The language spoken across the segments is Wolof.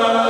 Amen.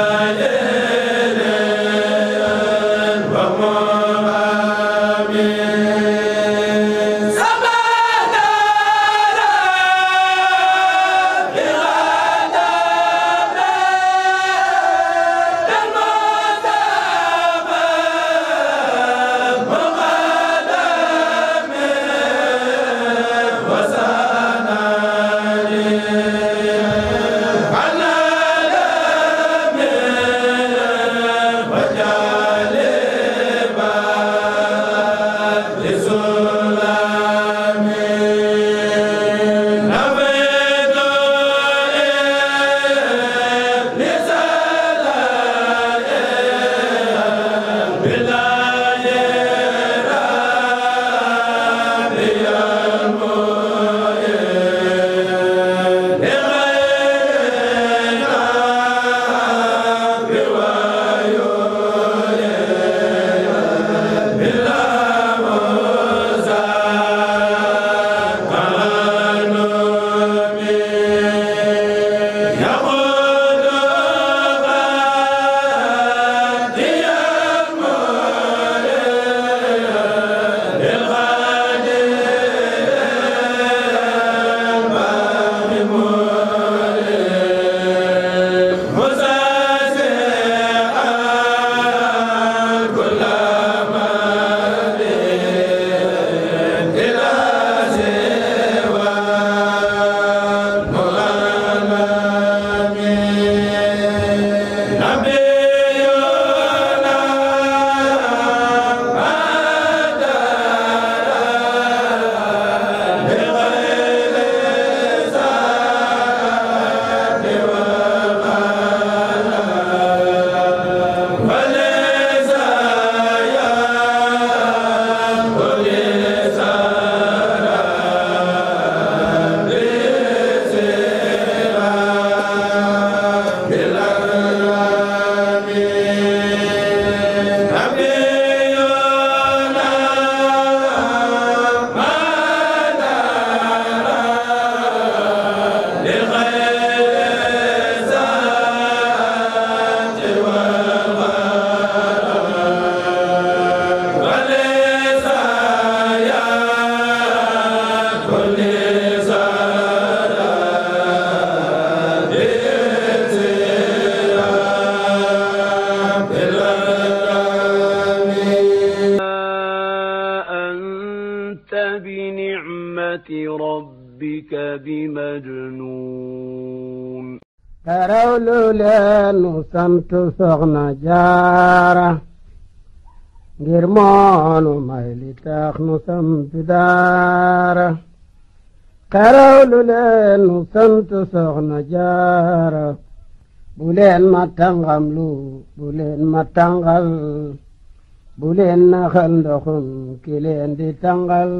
مجنون ترولو لين سنت سخنا جارة ngir moonu may li tax nu samp daara lu leen nu sant soxna jaara bu ma tàngam lu bu ma tàngal bu leen naxal ndoxum di tàngal